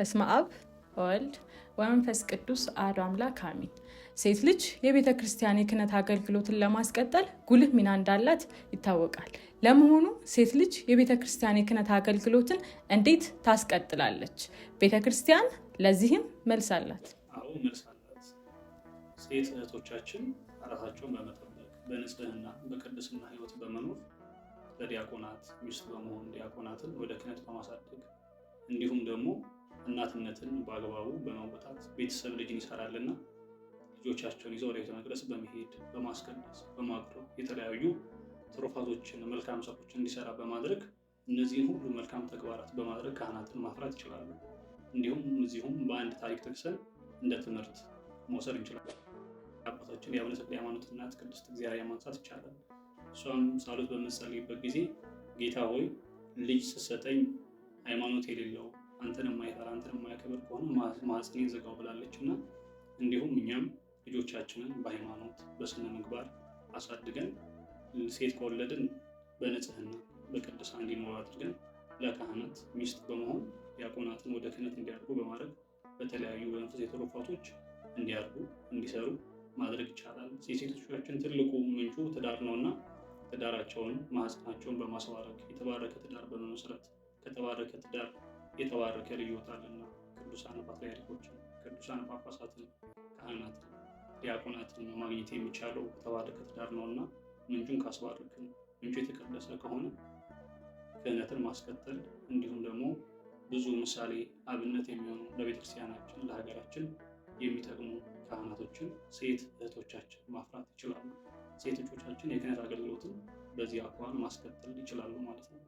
በስመ አብ ወልድ ወመንፈስ ቅዱስ አሐዱ አምላክ አሚን። ሴት ልጅ የቤተ ክርስቲያን የክህነት አገልግሎትን ለማስቀጠል ጉልህ ሚና እንዳላት ይታወቃል። ለመሆኑ ሴት ልጅ የቤተ ክርስቲያን የክህነት አገልግሎትን እንዴት ታስቀጥላለች? ቤተ ክርስቲያን ለዚህም መልስ አላት። ሴት እህቶቻችን ራሳቸውን በመጠበቅ በንጽህና በቅድስና ህይወት በመኖር በዲያቆናት ሚስት በመሆን ዲያቆናትን ወደ ክህነት በማሳደግ እንዲሁም ደግሞ እናትነትን በአግባቡ በመወጣት ቤተሰብ ልጅን ይሰራልና ልጆቻቸውን ይዘው ወደ ቤተ መቅደስ በመሄድ በማስቀደስ በማቅረብ የተለያዩ ትሩፋቶችን መልካም ስራዎችን እንዲሰራ በማድረግ እነዚህን ሁሉ መልካም ተግባራት በማድረግ ካህናትን ማፍራት ይችላሉ። እንዲሁም እዚሁም በአንድ ታሪክ ጠቅሰን እንደ ትምህርት መውሰድ እንችላለን። አባታችን የአቡነ ተክለ ሃይማኖት እናት ቅድስት እግዚአብሔር ማንሳት ይቻላል። እሷም ጸሎት በምትጸልይበት ጊዜ ጌታ ሆይ ልጅ ስትሰጠኝ ሃይማኖት የሌለው አንተን የማይፈራ አንተን የማያከብር ከሆነ ማህፀኔን ዘጋው ብላለች እና እንዲሁም እኛም ልጆቻችንን በሃይማኖት በስነ ምግባር አሳድገን ሴት ከወለድን በንጽህና በቅድሳ እንዲኖሩ አድርገን ለካህናት ሚስት በመሆን ዲያቆናትን ወደ ክህነት እንዲያድጉ በማድረግ በተለያዩ በመንፈስ የተሩፋቶች እንዲያድጉ እንዲሰሩ ማድረግ ይቻላል። የሴቶቻችን ትልቁ ምንጩ ትዳር ነው እና ትዳራቸውን ማህፀናቸውን በማስባረክ የተባረከ ትዳር በመመስረት ከተባረከ ትዳር የተባረከ ልዩ ወጣልና ቅዱሳን ፓትርያርኮችን፣ ቅዱሳን ጳጳሳትን፣ ካህናትን፣ ዲያቆናትን ማግኘት የሚቻለው ከተባረከ ትዳር ነው እና ምንጩን ካስባረክን ምንጩ የተቀደሰ ከሆነ ክህነትን ማስቀጠል እንዲሁም ደግሞ ብዙ ምሳሌ አብነት የሚሆኑ ለቤተክርስቲያናችን ለሀገራችን የሚጠቅሙ ካህናቶችን ሴት እህቶቻችን ማፍራት ይችላሉ። ሴቶቻችን የክህነት አገልግሎትን በዚህ አኳኋን ማስቀጠል ይችላሉ ማለት ነው።